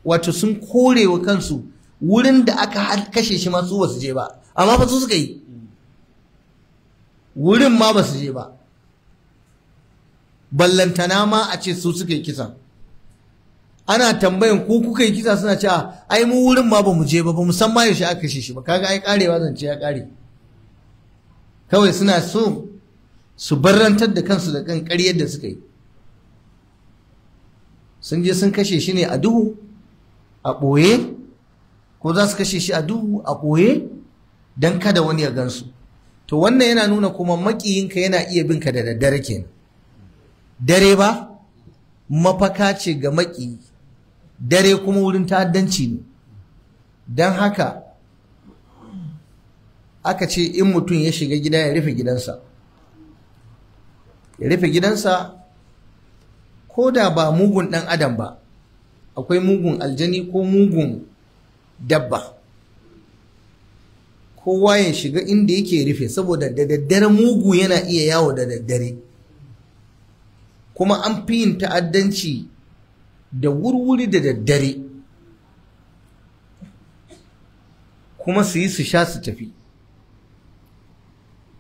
wato sun kore wa kansu wurin da aka kashe shi ma su basu je ba amma fa su suka yi wurin ma basu je ba ballantana ma a ce su suka yi kisa ana tambayan ko kuka yi kisa suna cewa ah, ai mu wurin ma mu je ba mu san ma yaushe aka kashe shi ba kaga ai karewa zance ya kare kawai suna so su barrantar da kansu da kan ƙaryar da suka yi sun je sun kashe shi ne a duhu a ɓoye ko za su kashe shi a duhu a ɓoye don kada wani ya gansu to wannan yana nuna kuma maƙiyinka yana iya binka da daddare kenan dare ba mafaka ce ga maki dare kuma wurin ta'addanci ne don haka aka ce in mutum ya shiga gida ya rufe gidansa ya rufe gidansa ko da ba mugun ɗan adam ba akwai mugun aljani ko mugun dabba kowa ya shiga inda yake rufe saboda da daddare mugu yana iya yawo da daddare kuma an fi yin ta'addanci da wurwuri da daddare kuma su yi su sha su tafi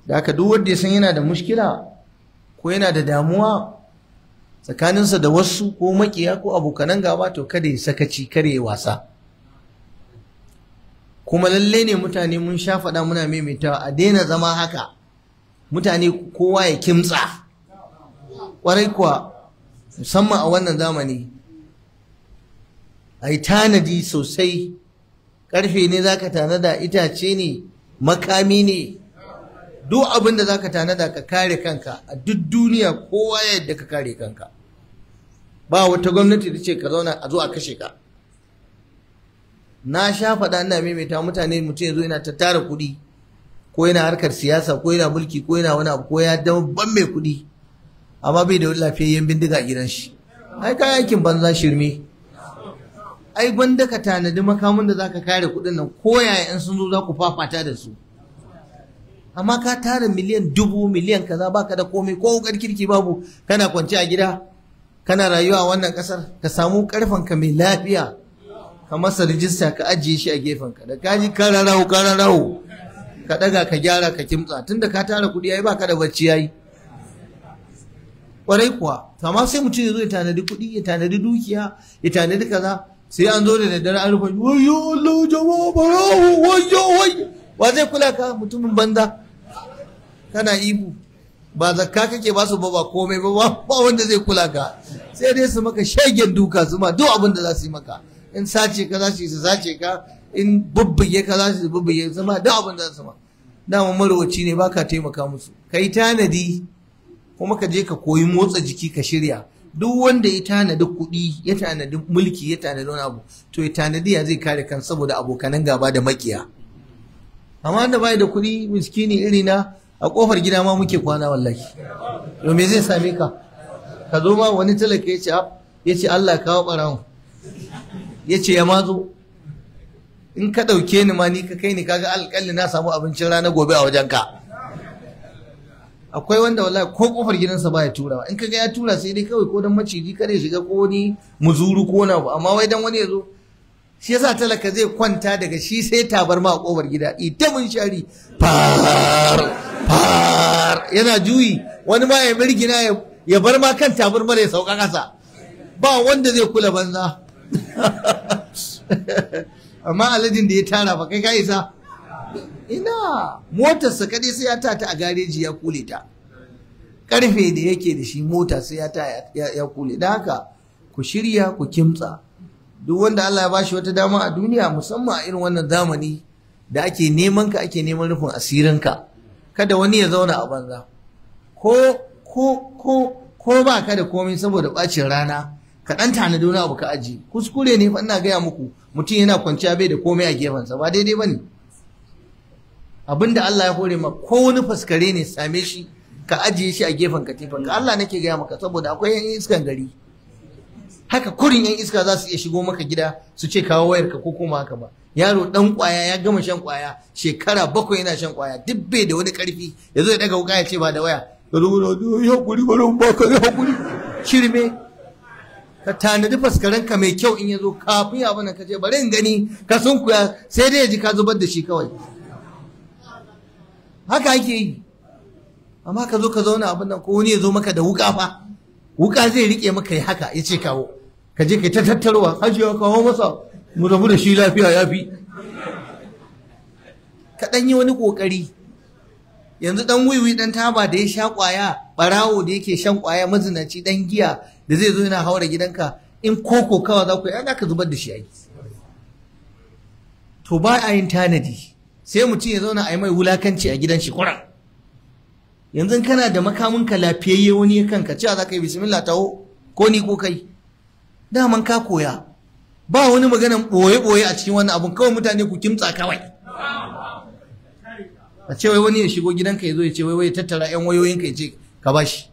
da aka duk wanda ya san yana da mushkila ko yana da damuwa tsakaninsa da wasu ko makiya ko abokanan gaba to kada ya sakaci kare ya wasa kuma lalle ne mutane mun sha faɗa muna maimaitawa a daina zama haka mutane kowa ya kimtsa kwarai kuwa musamman a wannan zamani a yi tanadi sosai ƙarfe ne za ka tanada itace ne makami ne duk abin da za ka tanada ka kare kanka a duk duniya kowa yadda ka kare kanka ba wata gwamnati da ce ka zauna a zo a kashe ka na sha faɗa ina maimaita mutane mutum ya zo yana tattara kuɗi ko yana harkar siyasa ko yana mulki ko yana wani abu ko ya dama ban mai kuɗi amma bai da wani lafiyayyen bindiga a gidan shi ai kayan aikin banza shirme ai gwanda ka tanadi makamun da zaka kare kuɗin nan ko yayan in sun zo za ku fafata da su amma ka tara miliyan dubu miliyan kaza baka da komai ko wukar kirki babu kana kwance a gida kana rayuwa a wannan kasar ka samu karfan ka mai lafiya ka masa rijista ka ajiye shi a gefen ka da kaji kararau kararau ka daga ka gyara ka kimtsa tunda ka tara kuɗi ai baka da bacci yayi kwarai kuwa amma sai mutum ya zo ya tanadi kuɗi ya tanadi dukiya ya tanadi kaza sai an zo da daddare an rufe wayo Allah jama'a barawo wayo wayo wa zai kula ka mutumin banza kana ibu ba zakka kake ba su ba ba komai ba ba wanda zai kula ka sai dai su maka shagen duka su ma duk abin da za su yi maka in sace ka za su yi su sace ka in bubbuge ka za su bubbuge su ma duk abin da za su ma dama marwaci ne baka taimaka musu kai tanadi kuma ka je ka koyi motsa jiki ka shirya duk wanda ya tanadi kuɗi ya tanadi mulki ya tanadi wani abu to ya tanadi ya zai kare kan saboda abokanan gaba da makiya amma da bai da kuɗi miskini iri na a kofar gida ma muke kwana wallahi to me zai same ka ka zo ma wani talaka ya ce ya ce Allah kawo barawo ya ce ya mazo in ka ɗauke ni ma ni ka kai ni kaga alƙalli na samu abincin rana gobe a wajen ka. akwai wanda wallahi ko kofar gidansa baya turawa in kaga ya tura sai dai kawai ko dan maciji kare shiga ko wani muzuru ko na ba amma wai dan wani yazo shi yasa talaka zai kwanta daga shi sai tabar ma a kofar gida ita mun shari far far yana juyi wani ma ya mirgina ya bar ma kan tabar mara ya sauka kasa ba wanda zai kula banza [LAUGHS] amma aladin da ya tara ba kai ka isa ina motarsa kadai sai ya tata a gareji ya kule ta karfe da yake da shi mota sai ya taya ya kule da haka ku shirya ku kimtsa duk wanda Allah ya bashi wata dama a duniya musamman a irin wannan zamani da ake neman ka ake neman rufin asirin ka, kada wani ya zauna a banza ko ko ko ko ba ka da komai saboda bacin rana ka dan tanadi wani abu ka aji kuskure ne fa ina gaya muku mutum yana kwanciya bai da komai a gefensa ba daidai bane Abin da Allah ya hore ma ko wani faskare ne same shi ka ajiye shi a gefen katifan ka Allah nake gaya maka saboda akwai yan iskan gari haka kurin yan iska za su iya shigo maka gida su ce kawo wayar ka ko kuma haka ba yaro dan kwaya ya gama shan kwaya shekara bakwai yana shan kwaya duk bai da wani karfi zo ya daga wuka ya ce ba da waya Ya hakuri bari mu baka hakuri shirme ka tanadi ka mai kyau in ya zo kafin abin ka ce bari in gani ka sun kuya sai dai ya ji ka zubar da shi kawai haka ake yi amma ka zo ka zauna abin nan ko wani ya zo maka da wuka fa wuka zai rike maka haka ya ce kawo ka je ka ta haji hajiya kawo masa mu rabu da shi lafiya ya fi ka ɗan yi wani ƙoƙari yanzu ɗan wiwi ɗan taba da ya sha ƙwaya ɓarawo da yake shan ƙwaya mazinaci ɗan giya da zai zo yana haura gidanka in koko kawa za ku yi ana ka zubar da shi yi to ba a yin tanadi sai mutum ya zauna a yi mai wulakanci a gidan shi kuran yanzu kana da makaminka lafiyayye wani ya kanka, cewa za ka yi bismillah taho ko ni ko kai daman ka koya ba wani maganan ɓoye-ɓoye a cikin wannan abun kawai mutane ku kimtsa kawai a ce wai wani ya shigo gidanka ya zo ya ce wai wai tattara yan wayoyinka ya ce ka bashi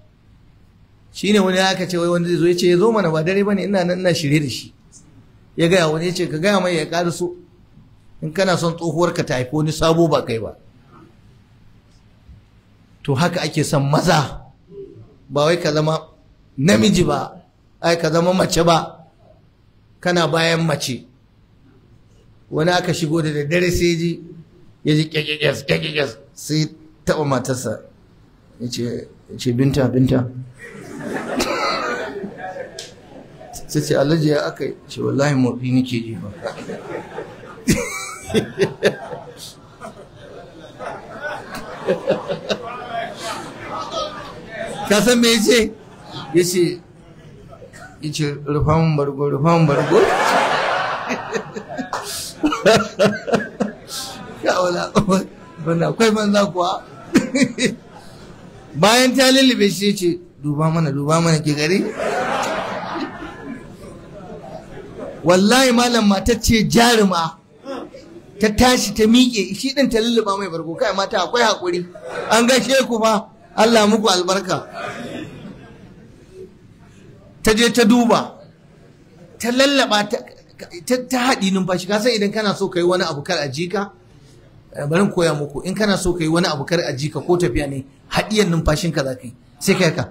ne wani aka ce wai wani zai zo ya ce ya zo mana ba dare bane ina nan ina shirye da shi ya gaya wani ya ce ka gaya mai ya ƙara so in kana son tsohuwarka ta haifi wani sabo ba kai ba to haka ake son maza ba wai ka zama namiji ba ai ka zama mace ba kana bayan mace wani aka shigo da daddare sai ji ya ji kyakkyakyas kyakkyakyas sai taɓa matarsa ya ce binta binta [LAUGHS] sai ce alhaji ya aka yi ce wallahi mafi nake ji ba [LAUGHS] kasan me ce yace, yace ya ce rufan bargo rufan bargo [LAUGHS] wanda akwai banza kuwa [LAUGHS] bayan ta lullube shi ce duba mana duba mana ke gari wallahi malam matar ce jaruma ta tashi ta miƙe shi ɗin ta lulluɓa mai barko kai mata akwai haƙuri an gashe ku fa Allah muku albarka ta je ta duba ta lallaba ta haɗi numfashi ka san idan kana so ka yi wani abu kar a jika eh, bari koya muku in kana so ka yi wani abu kar a jika ko tafiya ne haɗiyan numfashin ka za ka yi sai ka ka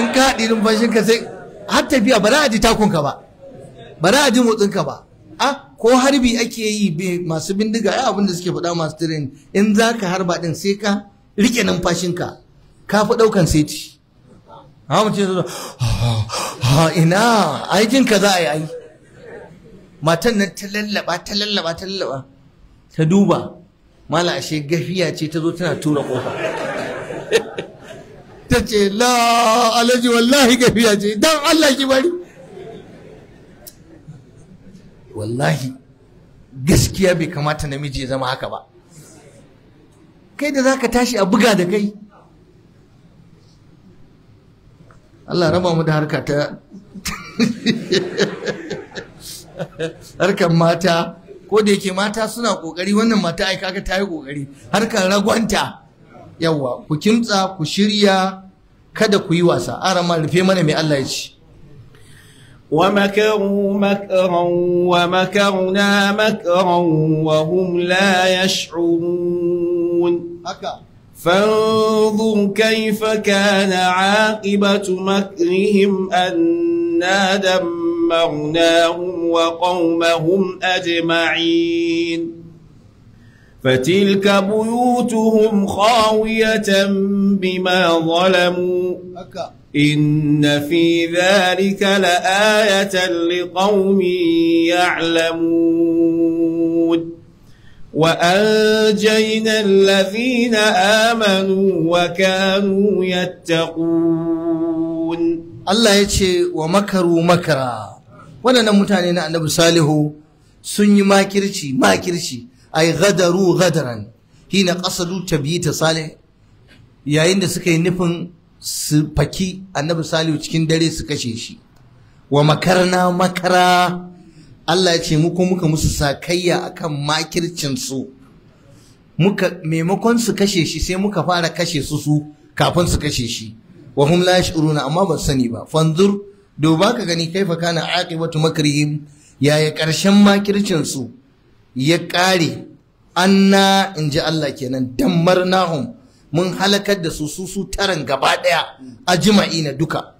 in ka haɗi numfashin ka sai har tafiya ba za a ji takunka ba ba za a ji motsin ka ba a ko harbi ake yi masu bindiga ya abin suke faɗa masu tirin in za ka harba ɗin sai ka rike numfashin ka fi ɗaukan seti mu ce ya ha ah, ah, ina aikin ka za a yi ai matan nan ta lallaba ta lallaba ta lallaba ta duba mala ashe gafiya ce ta zo tana tura kofa [LAUGHS] ta ce la alaji wallahi gafiya ce dan Allah ki bari wallahi gaskiya bai kamata namiji ya zama haka ba kai da zaka tashi a buga da kai Allah raba mu da harka ta [LAUGHS] harkar mata ko da yake mata suna kokari wannan mata ai kaga ta yi kokari harkar ragwanta yawa ku kimtsa ku shirya kada ku yi wasa rama rufe mana mai Allah ya ci ومكروا مكرا ومكرنا مكرا وهم لا يشعرون فانظر كيف كان عاقبة مكرهم أنا دمرناهم وقومهم أجمعين فتلك بيوتهم خاوية بما ظلموا إن في ذلك لآية لقوم يعلمون وأنجينا الذين آمنوا وكانوا يتقون الله يتشي ومكروا مكرا وانا متانينا النبي صالح سني ماكرشي ماكرشي أي غدروا غدرا هنا قصدوا تبييت صالح يا عند سكي نفن su faki annabi salihu cikin dare su kashe shi wa makarna makara Allah ya ce muku muka musu sakayya akan makircin muka maimakon su kashe shi sai muka fara kashe su su kafin su kashe shi wa hum la yash'uruna amma ba sani ba fanzur duba ka gani kaifa kana aqibatu makrihim yaya karshen makircin su ya kare anna inji Allah kenan dammarnahum mun halakar da su su su taran gaba daya na duka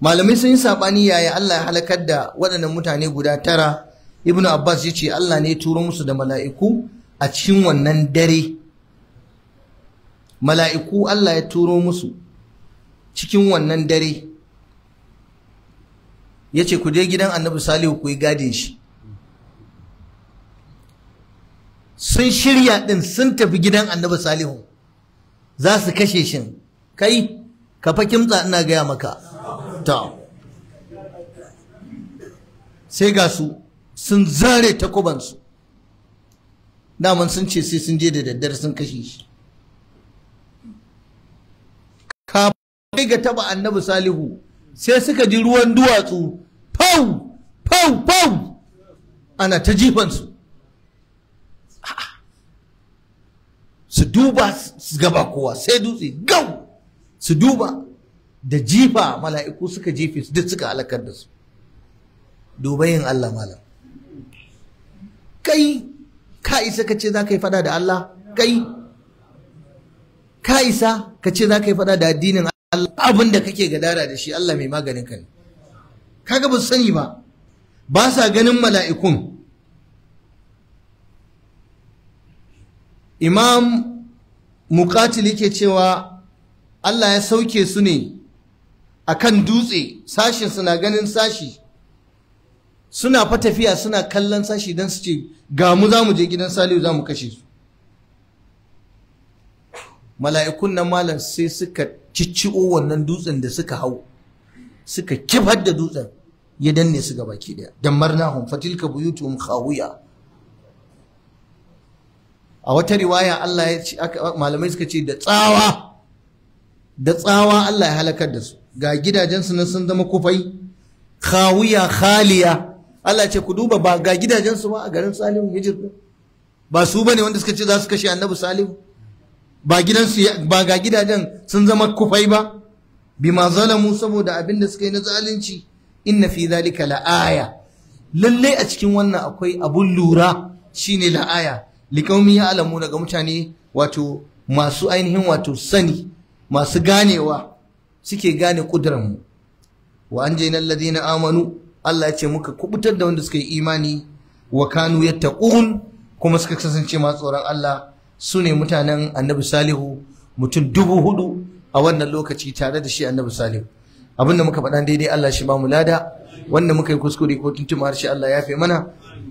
malamai sun yi sabani yaya Allah ya halakar da waɗannan mutane guda tara ibnu abbas ya ce Allah ne turo musu da mala'iku a cikin wannan dare mala'iku Allah ya turo musu cikin wannan dare ya ce ku je gidan annabi salihu ku yi gadin shi sun shirya din sun tafi gidan annabi salihu za su kashe shi kai ka fa kimtsa ina gaya maka ta sai ga su sun zare takubansu daman sun ce sai sun je da daddare sun kashe shi kafin ga taba annabi salihu sai suka ji ruwan duwatsu fau fau fau ana ta jifansu su duba su gaba kowa sai dutse gau su duba da jifa mala'iku suka jefe su duk suka halakar da su Duba yin Allah malam kai ka isa ka ce za ka yi fada da Allah kai ka isa ka ce za ka yi fada da addinin Allah abin da kake gadara da shi Allah mai maganin ka ne kaga ba su sani ba ba sa ganin mala'ikun imam mukatili ke cewa Allah ya sauke su ne a kan dutse sashin suna ganin sashi suna fa tafiya suna kallon sashi don su ce ga mu za mu je gidan Salihu za mu kashe su mala'ikun nan malam sai suka cicciɓo wannan dutsen da suka hau suka kifar da dutsen ya danne su ga baki daya damarnahum fatilka mu khawuya a wata riwaya Allah ya ce malamai suka ce da tsawa da tsawa Allah ya halakar da su ga gidajen su nan sun zama kufai khawiya khaliya Allah ce ku duba ba ga gidajen su ba a garin Salihu Hijir ba su bane wanda suka ce za su kashe Annabi Salihu ba gidansu ba ga gidajen sun zama kufai ba bima zalamu saboda abin da suka yi na zalunci inna fi zalika la'aya lalle a cikin wannan akwai abun lura shine la'aya liƙaumi ya alamu daga mutane wato masu ainihin wato sani masu ganewa suke gane ƙudurarmu wa an nan na amanu Allah ya ce muka kubutar da wanda suka yi imani wa kanu yattaqun kuma suka kasance masu tsoron Allah su ne mutanen annabi salihu mutum dubu hudu a wannan lokaci tare da shi annabi salihu abinda muka faɗa daidai Allah shi ba mu lada wanda muka yi kuskure ko tuntuma har shi Allah ya fi mana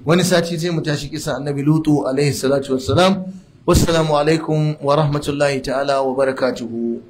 wani sati zai mu tashi kisa annabi lutu alaihi salatu wassalam wassalamu alaikum wa rahmatullahi ta'ala wa barakatuhu